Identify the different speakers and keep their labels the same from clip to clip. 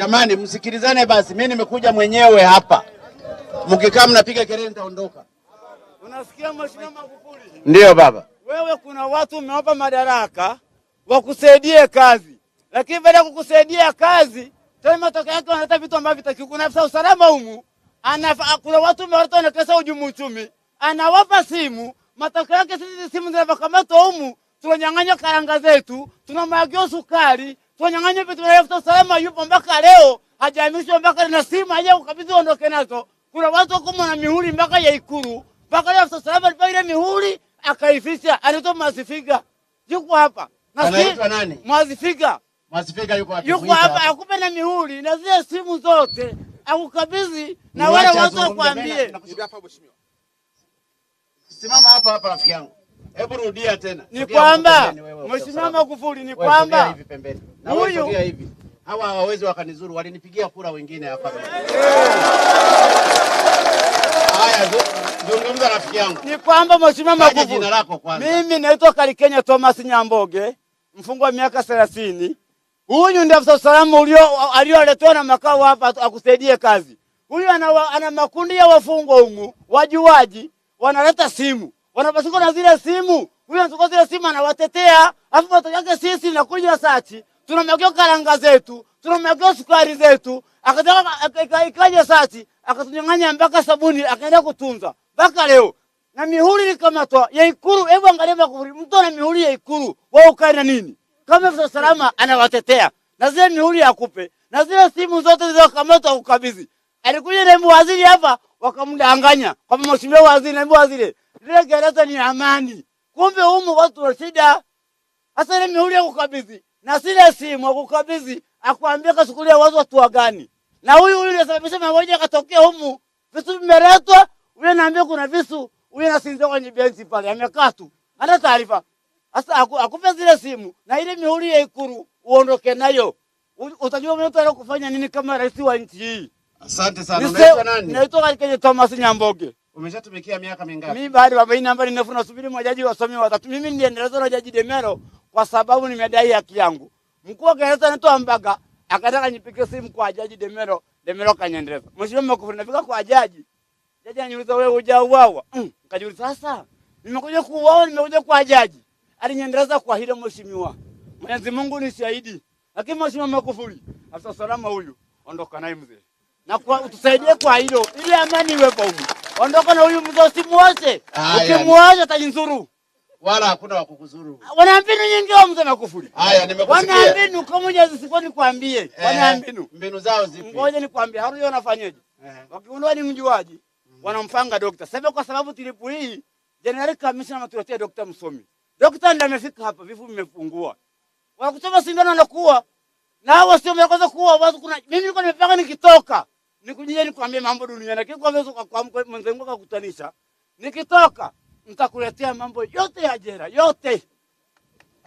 Speaker 1: Jamani, msikilizane basi, mimi nimekuja mwenyewe hapa, mkikaa mnapiga kelele nitaondoka. Unasikia Mheshimiwa Magufuli? Ndio baba.
Speaker 2: Wewe kuna watu umewapa madaraka wakusaidie kazi, lakini baada ya kukusaidia kazi tena matokeo yake wanaleta vitu ambavyo vitakiwa. Kuna afisa usalama humu, kuna watu umewaleta na pesa ujumu uchumi, anawapa simu, matokeo yake sisi simu zinavyokamatwa humu, tunanyang'anywa karanga zetu, tunamwagiwa sukari Wanyang'anya vitu vya usalama yupo mpaka leo hajaamishwa, mpaka na simu haja kukabidhi ondoke nazo. Kuna watu wako na mihuri mpaka ya Ikulu. Mpaka leo afisa usalama ile mihuri akaifisha. Anaitwa Mazifiga. Yuko hapa. Na si nani?
Speaker 1: Mazifiga.
Speaker 2: Mazifiga yuko hapa. Yuko hapa akupe na mihuri na zile simu zote akukabidhi na wale watu wakwambie.
Speaker 3: Simama hapa hapa rafiki yangu. Hebu rudia tena.
Speaker 2: Ni kwamba Mheshimiwa Magufuli, ni kwamba huyu hivi.
Speaker 3: hawa hawawezi wakanizuru, walinipigia kura wengine hapa. Haya, zungumza rafiki yangu.
Speaker 2: Ni kwamba Mheshimiwa Magufuli, jina lako kwanza. Mimi naitwa Kalikenya Thomas Nyamboge, mfungwa wa miaka 30. Huyu ndiye afisa usalama ulio alioletwa na makao hapa akusaidie kazi. Huyu ana, ana makundi ya wafungwa humu, wajuaji wanaleta simu wanapasuka na zile simu, huyo anachukua zile simu anawatetea, afu watu wake sisi na kunywa sachi, tunamwagia karanga zetu, tunamwagia sukari zetu, akataka ikaje sachi, akatunyang'anya mpaka sabuni, akaenda kutunza mpaka leo na mihuri ikamatwa ya Ikulu. Hebu angalia makufuri, mtu na mihuri ya Ikulu wao ukae na nini? Kama afisa salama anawatetea na zile mihuri akupe na zile simu zote zilizokamatwa ukabidhi. Alikuja na mwaziri hapa, wakamdanganya kwamba mheshimiwa waziri, na mwaziri lile gereza ni amani, kumbe humu watu wa shida. Hasa ile mihuri ya kukabidhi na sile simu ya kukabidhi, akwambia kasukulia wazo watu wa gani? Na huyu huyu anasababisha mauaji yakatokea humu, visu vimeletwa, uye naambia kuna visu, uye nasinzia kwenye benchi pale, amekaa tu hata taarifa. Sasa akupe zile simu na ile mihuri ya ikuru uondoke nayo, utajua mtu kufanya nini kama rais wa nchi hii.
Speaker 3: Asante sana. Naitwa nani?
Speaker 2: Naitwa Thomas Nyamboge.
Speaker 3: Umeshatumikia miaka mingapi?
Speaker 2: Mimi bado baba, hii namba ni ndefu, nasubiri majaji wasome watatu. Mimi niendeleza na Jaji Demero kwa sababu nimedai haki yangu. Mkuu wa gereza anatoa Mbaga akataka nipike simu kwa Jaji Demero, Demero kaniendeleza. Mheshimiwa Magufuli, nafika kwa jaji. Jaji ananiuliza wewe hujauawa. Mm, nikajiuliza sasa. Nimekuja kuuawa, nimekuja kwa jaji. Alinyendeleza kwa hilo mheshimiwa. Mwenyezi Mungu ni shahidi. Lakini Mheshimiwa Magufuli, afisa salama huyu, ondoka naye mzee. Na kwa utusaidie kwa hilo ili amani iwepo huko. Ondoka na huyu mzee usimuache. Ah, Ukimuacha atajizuru.
Speaker 3: Wala hakuna wa kukuzuru.
Speaker 2: Wanaambinu nyingi wa mzee Magufuli.
Speaker 3: Haya nimekusikia. Wanaambinu
Speaker 2: kwa moja zisikuwa kuambie. Eh, Wanaambinu.
Speaker 3: Mbinu zao zipi?
Speaker 2: Ngoja nikwambie. Haruyo anafanyaje? Eh. Wakiundwa ni mjuaji. Wanamfanga dokta. Sasa kwa sababu tulipo hii General Commissioner ametuletea dokta msomi. Dokta ndiye amefika hapa, vifo vimepungua. Wanakuchoma sindano na kuua. Na hao sio mwanzo kuua, watu kuna mimi niko nimepanga nikitoka nikujia nikwambie mambo dunia, lakini kwa Yesu kwa akakutanisha, nikitoka nitakuletea mambo yote ya jera yote,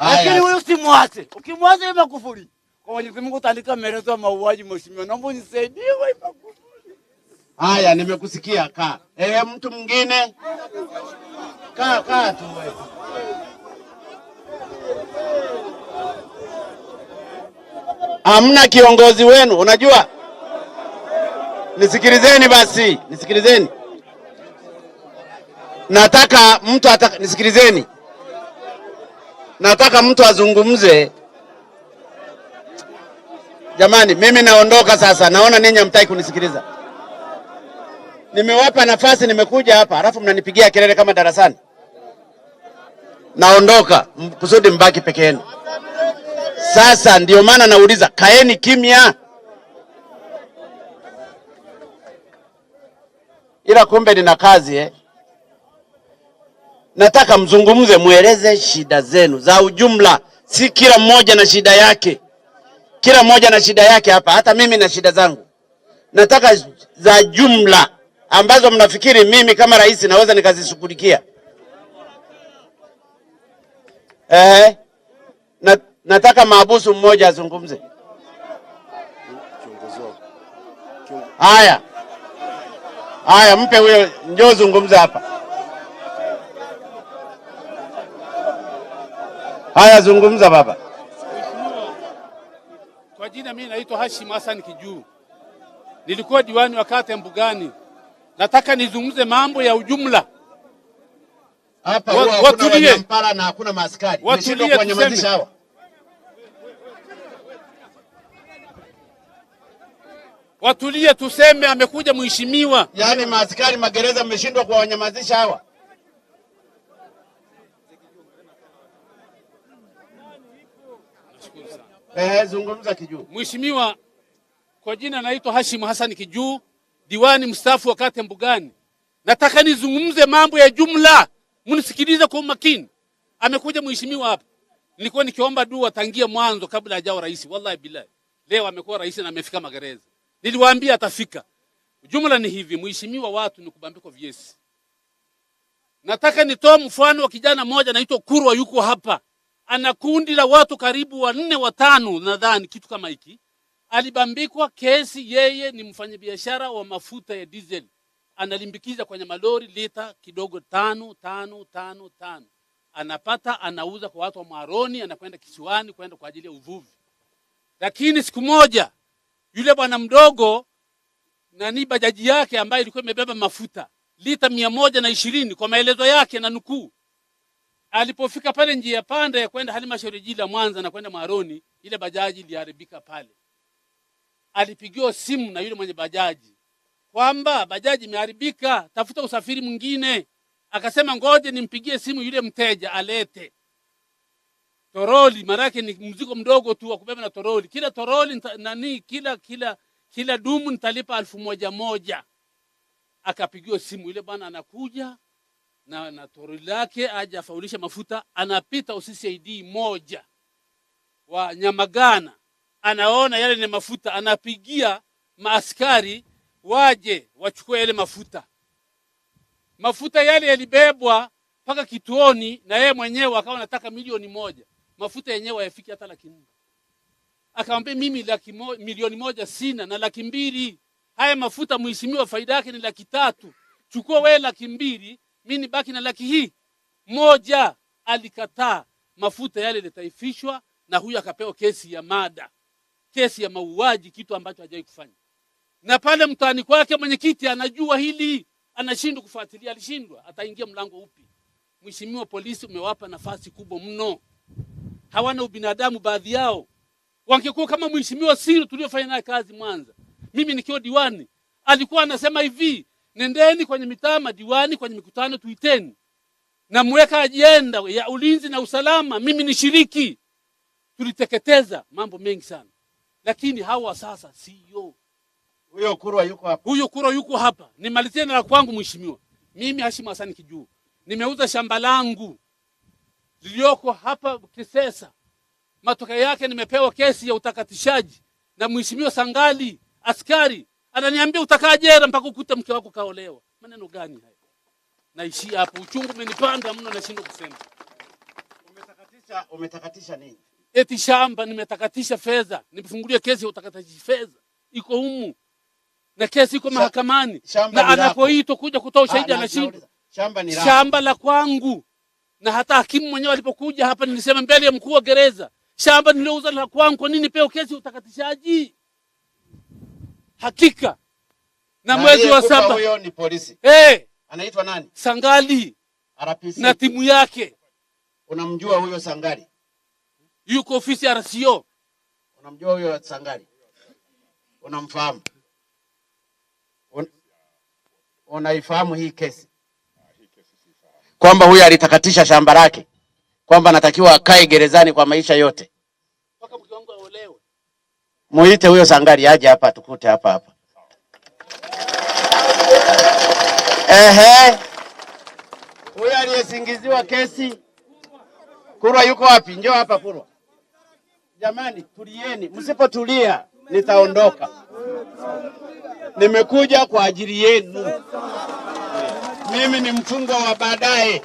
Speaker 2: lakini huyu simwache. Ukimwacha ni makufuri kwa Mwenyezi Mungu, utaandika maelezo ya mauaji. Mheshimiwa, naomba unisaidie wewe makufuri.
Speaker 3: Haya, nimekusikia ka. Eh, mtu mwingine ka ka tu wewe
Speaker 1: Amna kiongozi wenu, unajua nisikilizeni basi, nisikilizeni. Nataka mtu ataka, nisikilizeni. Nataka mtu azungumze. Jamani, mimi naondoka sasa, naona ninyi hamtaki kunisikiliza. Nimewapa nafasi, nimekuja hapa alafu mnanipigia kelele kama darasani. Naondoka kusudi mbaki peke yenu. Sasa ndio maana nauliza, kaeni kimya. ila kumbe nina kazi eh. Nataka mzungumze, mweleze shida zenu za ujumla, si kila mmoja na shida yake. Kila mmoja na shida yake hapa, hata mimi na shida zangu. Nataka za jumla ambazo mnafikiri mimi kama rais naweza nikazishughulikia. Eh, nataka maabusu mmoja azungumze. Haya. Haya, mpe huyo, njoo zungumza hapa. Haya, zungumza baba.
Speaker 4: Kwa jina mimi naitwa Hashim Hassan Kijuu, nilikuwa diwani wa kata Mbugani. Nataka nizungumze mambo ya ujumla
Speaker 3: hapa. Watulie, watulie, tuseme
Speaker 4: watulie, tuseme amekuja mheshimiwa.
Speaker 3: Yaani maaskari magereza mmeshindwa kuwanyamazisha hawa. Eh, zungumza Kijuu.
Speaker 4: Mheshimiwa, kwa jina naitwa Hashim Hassan Kijuu, diwani mstaafu wa Kata Mbugani. Nataka nizungumze mambo ya jumla, mnisikilize kwa umakini. Amekuja mheshimiwa hapa, nilikuwa nikiomba dua tangia mwanzo kabla hajawa rais. Wallahi billahi, leo amekuwa rais na amefika magereza. Niliwaambia atafika. Jumla ni hivi, mheshimiwa, watu ni kubambikwa vyesi. Nataka nitoe mfano wa kijana mmoja anaitwa Kurwa, yuko hapa, ana kundi la watu karibu wanne watano, nadhani kitu kama hiki. Alibambikwa kesi, yeye ni mfanyabiashara wa mafuta ya diesel, analimbikiza kwenye malori lita kidogo tano tano tano tano, anapata anauza kwa watu wa Maroni, anakwenda kisiwani kwenda kwa ajili ya uvuvi, lakini siku moja yule bwana mdogo nani, bajaji yake ambayo ilikuwa imebeba mafuta lita mia moja na ishirini kwa maelezo yake na nukuu, alipofika pale njia ya panda ya kwenda halmashauri jiji la Mwanza na kwenda Mwaroni, ile bajaji iliharibika pale. Alipigiwa simu na yule mwenye bajaji kwamba bajaji imeharibika, tafuta usafiri mwingine. Akasema ngoje nimpigie simu yule mteja alete toroli, maanake ni mzigo mdogo tu wa kubeba na toroli. Kila toroli nani kila kila kila dumu nitalipa elfu moja moja. Akapigiwa simu yule bwana anakuja na, na toroli lake aje afaulisha mafuta, anapita UCCID moja wa Nyamagana, anaona yale ni mafuta, anapigia maaskari waje wachukue yale mafuta. Mafuta yale yalibebwa mpaka kituoni na yeye mwenyewe akawa anataka milioni moja mafuta yenyewe hayafiki hata laki nne. Akamwambia mimi laki mo, milioni moja sina na laki mbili, haya mafuta mheshimiwa, faida yake ni laki tatu, chukua wewe laki mbili, mimi nibaki na laki hii moja. Alikataa, mafuta yale litaifishwa, na huyu akapewa kesi ya mada, kesi ya mauaji, kitu ambacho hajawahi kufanya. Na pale mtaani kwake mwenyekiti anajua hili, anashindwa kufuatilia, alishindwa, ataingia mlango upi? Mheshimiwa polisi, umewapa nafasi kubwa mno hawana ubinadamu baadhi yao. Wangekuwa kama mheshimiwa Siri tuliofanya naye kazi Mwanza, mimi nikiwa diwani, alikuwa anasema hivi, nendeni kwenye mitaa, madiwani kwenye mikutano, tuiteni na mweka ajenda ya ulinzi na usalama, mimi nishiriki. Tuliteketeza mambo mengi sana, lakini hawa sasa siyo.
Speaker 3: Huyo Kurwa yuko hapa,
Speaker 4: huyo Kurwa yuko hapa. Nimalizie na la kwangu, mheshimiwa. Mimi Hashimu Hassan Kijuu nimeuza shamba langu liliyoko hapa Kisesa. Matokeo yake nimepewa kesi ya utakatishaji na mheshimiwa Sangali askari ananiambia utakaa jela mpaka ukute mke wako kaolewa. Maneno gani haya? Naishia hapo, uchungu umenipanda mno, nashindwa kusema.
Speaker 3: Umetakatisha, umetakatisha nini?
Speaker 4: Eti shamba nimetakatisha fedha, nimefungulia kesi ya utakatishaji fedha, iko humu na kesi iko mahakamani, na anapoitwa kuja kutoa ushahidi ah, anashindwa. Shamba, shamba la kwangu na hata hakimu mwenyewe alipokuja hapa nilisema mbele ya mkuu wa gereza, shamba niliouza la kwangu, kwa nini peo kesi utakatishaji? Hakika
Speaker 3: na, na mwezi wa saba huyo ni polisi hey, eh! anaitwa nani?
Speaker 4: Sangali RPC na timu yake.
Speaker 3: Unamjua huyo Sangali?
Speaker 4: Yuko ofisi ya RCO.
Speaker 3: Unamjua huyo Sangali? Unamfahamu? Un... unaifahamu hii kesi?
Speaker 1: kwamba huyu alitakatisha shamba lake, kwamba anatakiwa akae gerezani kwa maisha yote. Muite huyo sangari aje hapa, tukute hapa hapa. Ehe,
Speaker 3: huyo aliyesingiziwa kesi Kurwa yuko wapi? Njoo hapa Kurwa. Jamani, tulieni, msipotulia nitaondoka. Nimekuja kwa ajili yenu mimi ni mfungwa wa baadaye.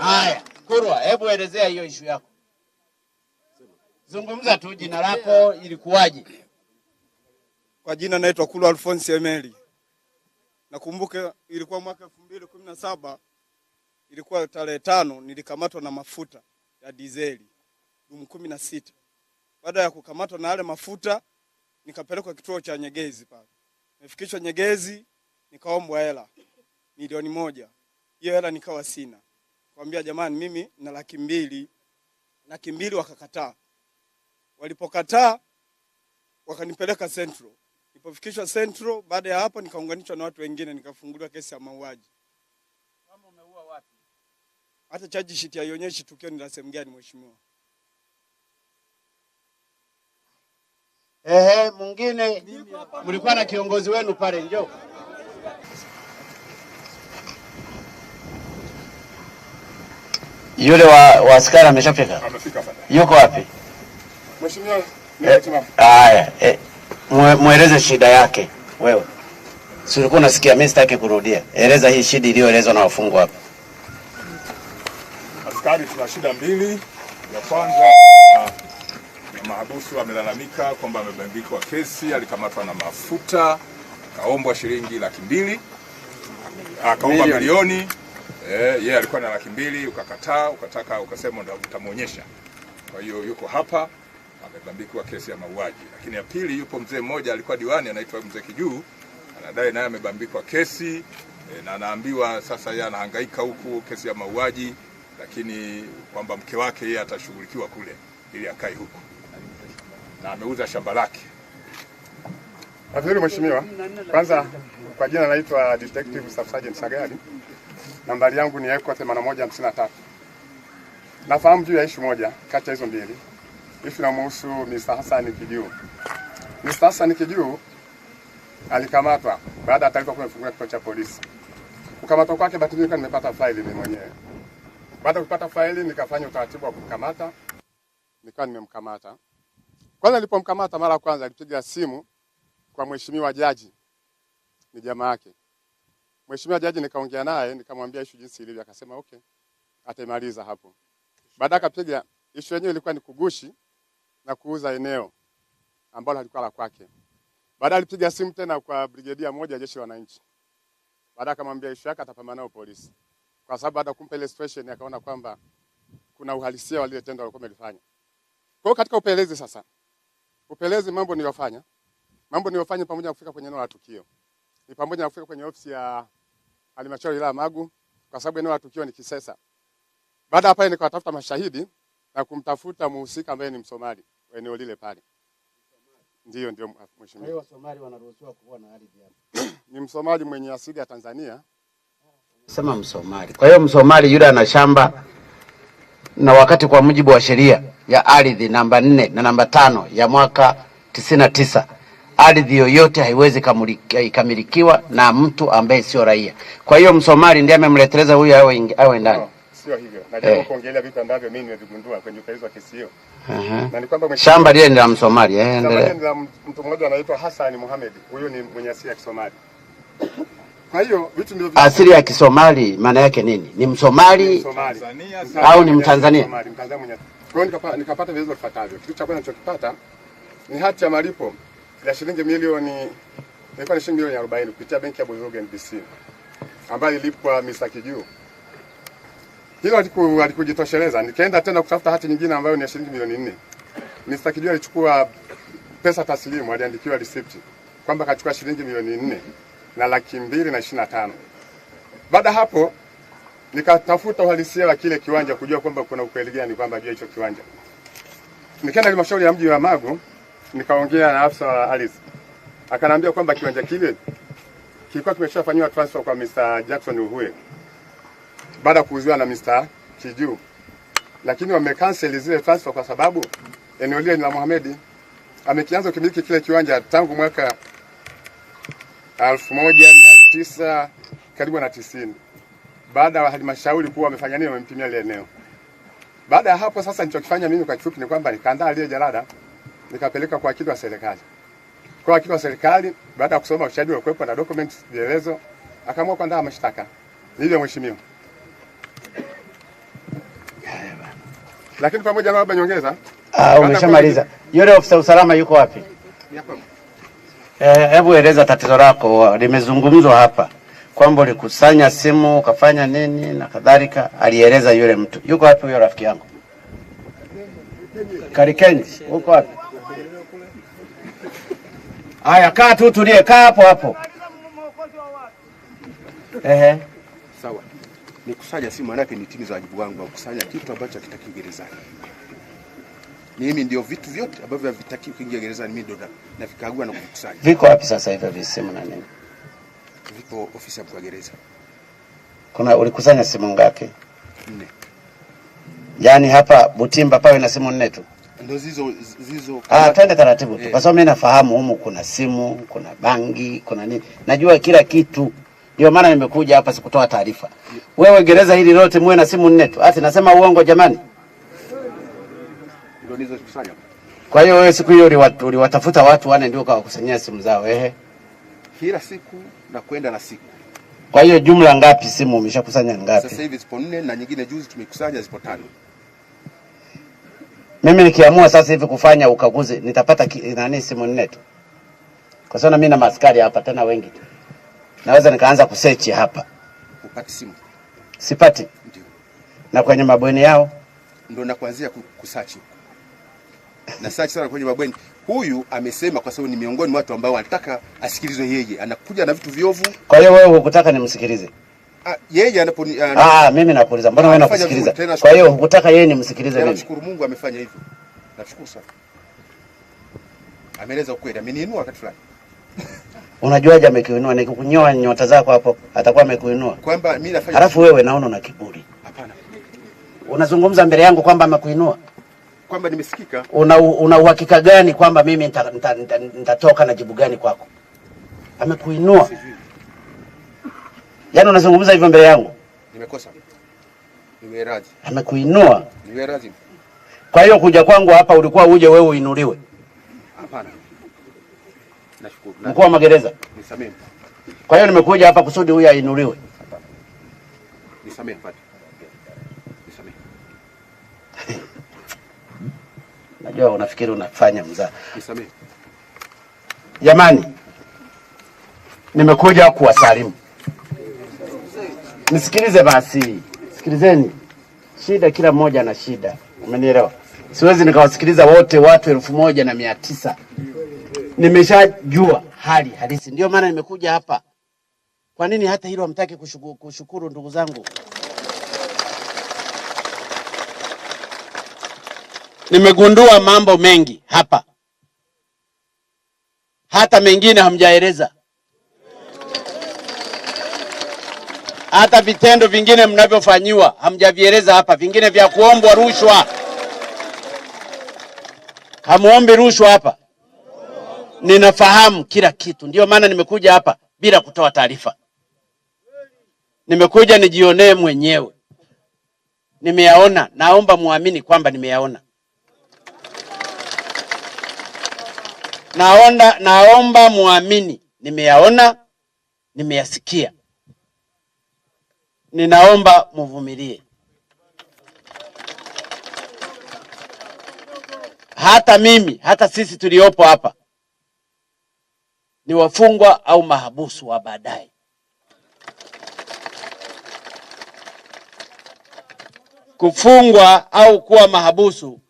Speaker 3: Haya, Kurwa, hebu elezea hiyo ishu yako, zungumza tu, jina lako ilikuwaje?
Speaker 5: Kwa jina naitwa Kurwa alfonsi Emeli. Nakumbuka ilikuwa mwaka elfu mbili kumi na saba ilikuwa tarehe tano, nilikamatwa na mafuta ya dizeli dumu kumi na sita. Baada ya kukamatwa na yale mafuta, nikapelekwa kituo cha Nyegezi pale, nifikishwa Nyegezi, nikaombwa hela milioni moja. Hiyo hela nikawa sina, kwambia jamani, mimi na laki mbili, laki mbili. Wakakataa. Walipokataa wakanipeleka Central. Nilipofikishwa Central, baada ya hapo nikaunganishwa na watu wengine, nikafunguliwa kesi ya mauaji.
Speaker 6: Kama umeua wapi?
Speaker 5: Hata charge sheet haionyeshi tukio ni la sehemu gani, mheshimiwa.
Speaker 3: Ehe, mwingine mlikuwa na kiongozi wenu pale, njoo
Speaker 1: Yule wa askari ameshafika, yuko wapi? Eh, haya, eh, mweleze shida yake. Wewe si ulikuwa unasikia? Mimi sitaki kurudia, eleza hii shida iliyoelezwa na wafungwa hapa.
Speaker 7: Askari, tuna shida mbili. Ya kwanza ah, mahabusu amelalamika kwamba amebambikwa kesi, alikamatwa na mafuta, kaombwa shilingi laki mbili, akaomba milioni Eh, yeye yeah, alikuwa na laki mbili ukakataa, ukataka ukasema ndio utamuonyesha. Kwa hiyo yuko hapa amebambikwa kesi ya mauaji. Lakini ya pili, yupo mzee mmoja alikuwa diwani anaitwa mzee Kijuu, anadai naye amebambikwa kesi e, na anaambiwa sasa yeye anahangaika huku kesi ya mauaji, lakini kwamba mke wake yeye atashughulikiwa kule ili akae huku na ameuza shamba lake.
Speaker 5: Afadhali mheshimiwa, kwanza kwa jina naitwa Detective Sub Sergeant Sagali nambari yangu ni eko 8153. Nafahamu juu ya ishu moja kati ya hizo mbili, ishu inamhusu Mr. Hassan Kijuu. Mr. Hassan Kijuu alikamatwa baada ya taarifa kuwa kituo cha polisi. Kukamatwa kwake, bahati nzuri nimepata faili mimi mwenyewe. Baada ya kupata faili, nikafanya utaratibu wa kumkamata, nikawa nimemkamata. Kwanza nilipomkamata mara ya kwanza, alipiga simu kwa mheshimiwa jaji, ni jamaa yake Mheshimiwa Jaji nikaongea naye nikamwambia issue jinsi ilivyo, akasema okay, atamaliza hapo. Baada akapiga issue yenyewe ilikuwa ni kugushi na kuuza eneo ambalo halikuwa la kwake. Baada alipiga simu tena kwa brigedia moja ya jeshi la wananchi. Baada akamwambia issue yake atapambana nayo polisi. Kwa sababu hata kumpa ile situation akaona kwamba kuna uhalisia wa lile tendo alikuwa amelifanya. Kwa hiyo katika upelezi sasa, upelezi mambo niliyofanya, mambo niliyofanya pamoja na kufika kwenye eneo la tukio. Ni pamoja na kufika kwenye ofisi ya halmashauri wilaya Magu kwa sababu eneo la tukio ni Kisesa. Baada hapa nikatafuta mashahidi na kumtafuta muhusika ambaye ni Msomali eneo lile pale. Ndio, ndio mheshimiwa.
Speaker 8: Kwa hiyo Somali wanaruhusiwa kuwa na ardhi hapa.
Speaker 5: Ni Msomali mwenye asili ya Tanzania.
Speaker 1: Sema Msomali. Kwa hiyo Msomali yule ana shamba na wakati kwa mujibu wa sheria ya ardhi namba nne na namba tano ya mwaka tisini na tisa ardhi yoyote haiwezi ikamilikiwa na mtu ambaye sio raia. Kwa hiyo Msomali ndiye amemleteleza huyu awe, awe ndani
Speaker 8: Sio hivyo. Najaribu eh. kuongelea vitu ambavyo mimi nimevigundua kwenye wa uh-huh.
Speaker 1: Na ni kwamba shamba lile ni la Msomali. Eh,
Speaker 8: endelea. Ni la mtu mmoja anaitwa Hassan Huyo ni mwenye asili ya Kisomali. Kwa hiyo vitu
Speaker 1: asili ya Kisomali maana yake nini? Ni Msomali au ni Mtanzania?
Speaker 5: Kwa hiyo nikapata vigezo vifuatavyo. Kitu cha kwanza nilichokipata ni hati ya malipo ya shilingi milioni ilikuwa ni shilingi milioni 40 kupitia benki ya Bozoge NBC ambayo ilipwa Misaki juu. Hilo alikujitosheleza. Nikaenda tena kutafuta hati nyingine ambayo ni ya shilingi milioni 4. Misaki juu alichukua pesa taslimu, aliandikiwa receipt kwamba kachukua shilingi milioni 4 na laki mbili na ishirini na tano. Baada hapo nikatafuta uhalisia wa kile kiwanja kujua kwamba kuna ukweli gani kwamba jua hicho kiwanja. Nikaenda halmashauri ya mji wa Magu nikaongea na afisa wa ardhi akanambia kwamba kiwanja kile kilikuwa kimeshafanyiwa transfer kwa Mr. Jackson Uhue baada ya kuuziwa na Mr. Kiju, lakini wamecancel zile transfer kwa sababu eneo lile ni la Mohamed. Amekianza kumiliki kile kiwanja tangu mwaka 1990 karibu na 90, baada ya halmashauri kuwa wamefanya nini, wamempimia ile eneo. Baada ya hapo sasa, nilichokifanya mimi kwa kifupi ni kwamba nikaandaa lile jalada nikapeleka kwa wakili wa serikali. Kwa wakili wa serikali, baada ya kusoma ushahidi wa uliokuwepo na documents vielezo, akaamua kuandaa mashtaka dhidi mheshimiwa. Lakini pamoja na baba nyongeza.
Speaker 1: Ah, umeshamaliza. Yule ofisa usalama yuko wapi? Eh, hebu eleza tatizo lako. Limezungumzwa hapa kwamba ulikusanya simu ukafanya nini na kadhalika. Alieleza yule mtu. Yuko wapi huyo rafiki yangu? Karikenji, uko wapi? Haya, kaa tu tulie, kaa hapo hapo. Ehe.
Speaker 7: Sawa. Nikusanya si maana yake nitimize wajibu wangu wa kusanya kitu ambacho hakitaki gerezani. Mimi ndio vitu vyote ambavyo havitaki kuingia gerezani mimi ndio navikagua na kukusanya.
Speaker 1: Viko wapi sasa hivi simu na nini?
Speaker 7: Viko ofisi ya mkuu wa gereza.
Speaker 1: Kuna ulikusanya simu ngapi? Nne. Yaani hapa Butimba pawe na simu nne tu.
Speaker 7: Ndo zizo, zizo.
Speaker 1: Ah, twende taratibu tu eh. Kwa sababu mimi nafahamu humu kuna simu, kuna bangi, kuna nini, najua kila kitu, ndio maana nimekuja hapa, sikutoa taarifa Wewe gereza hili lote muwe na simu nne tu, ati nasema uongo jamani? Kwa hiyo wewe siku hiyo uliwatafuta watu wane ndio kawakusanyia simu zao ehe?
Speaker 7: Kila siku na kwenda na siku.
Speaker 1: Kwa hiyo jumla ngapi simu umeshakusanya ngapi?
Speaker 7: Sasa hivi zipo nne na nyingine juzi tumekusanya zipo tano.
Speaker 1: Mimi nikiamua sasa hivi kufanya ukaguzi nitapata nani simu nne tu, kwa sababu mimi na maskari hapa tena wengi tu, naweza nikaanza kusearch hapa, upati simu sipati. Ndiyo. na kwenye mabweni yao
Speaker 7: ndio na kuanzia kusearch huko na search sana kwenye mabweni. Huyu amesema kwa sababu ni miongoni mwa watu ambao anataka asikilizwe, yeye anakuja na vitu viovu.
Speaker 1: Kwa hiyo wewe hukutaka nimsikilize?
Speaker 7: Ah, yeye anaponi
Speaker 1: ah, ah, mimi napuliza. Mbona wewe unakusikiliza? Kwa hiyo hukutaka yeye nimsikilize mimi.
Speaker 7: Nashukuru Mungu amefanya hivyo, nashukuru sana. Ameeleza ukweli, ameniinua wakati fulani.
Speaker 1: Unajuaje amekuinua? Nikukunyoa nyota zako hapo, atakuwa amekuinua
Speaker 7: kwamba mimi nafanya.
Speaker 1: Halafu wewe naona una kiburi. Hapana, unazungumza mbele yangu kwamba amekuinua
Speaker 7: kwamba nimesikika.
Speaker 1: Una una uhakika gani kwamba mimi nitatoka nita, nita, nita na jibu gani kwako? Amekuinua. Yaani unazungumza hivyo mbele yangu?
Speaker 7: Nimekosa. Nimeradhi.
Speaker 1: Amekuinua. Nimeradhi. Kwa hiyo kuja kwangu hapa ulikuwa uje wewe uinuliwe?
Speaker 7: Hapana. Nashukuru. Mkuu wa magereza. Nisamehe.
Speaker 1: Kwa hiyo nimekuja hapa kusudi huyu ainuliwe. Hapana. Nisamehe. Najua unafikiri unafanya mzaa. Nisamehe. Jamani, nimekuja kuwasalimu nisikilize basi, sikilizeni. Shida kila mmoja ana shida, umenielewa? Siwezi nikawasikiliza wote watu elfu moja na mia tisa. Nimeshajua hali halisi, ndio maana nimekuja hapa. Kwa nini hata hilo hamtaki kushukuru, kushukuru ndugu zangu? Nimegundua mambo mengi hapa, hata mengine hamjaeleza. hata vitendo vingine mnavyofanyiwa hamjavieleza hapa, vingine vya kuombwa rushwa. Hamuombi rushwa hapa, ninafahamu kila kitu. ndio maana nimekuja hapa bila kutoa taarifa, nimekuja nijionee mwenyewe. Nimeyaona, naomba muamini kwamba nimeyaona. Naonda, naomba muamini nimeyaona, nimeyasikia ninaomba muvumilie. Hata mimi hata sisi tuliopo hapa ni wafungwa au mahabusu wa baadaye. Kufungwa au kuwa mahabusu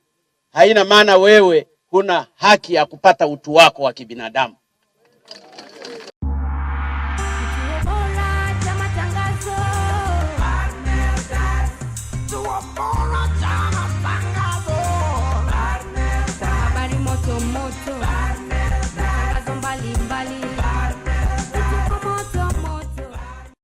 Speaker 1: haina maana wewe huna haki ya kupata utu wako wa kibinadamu.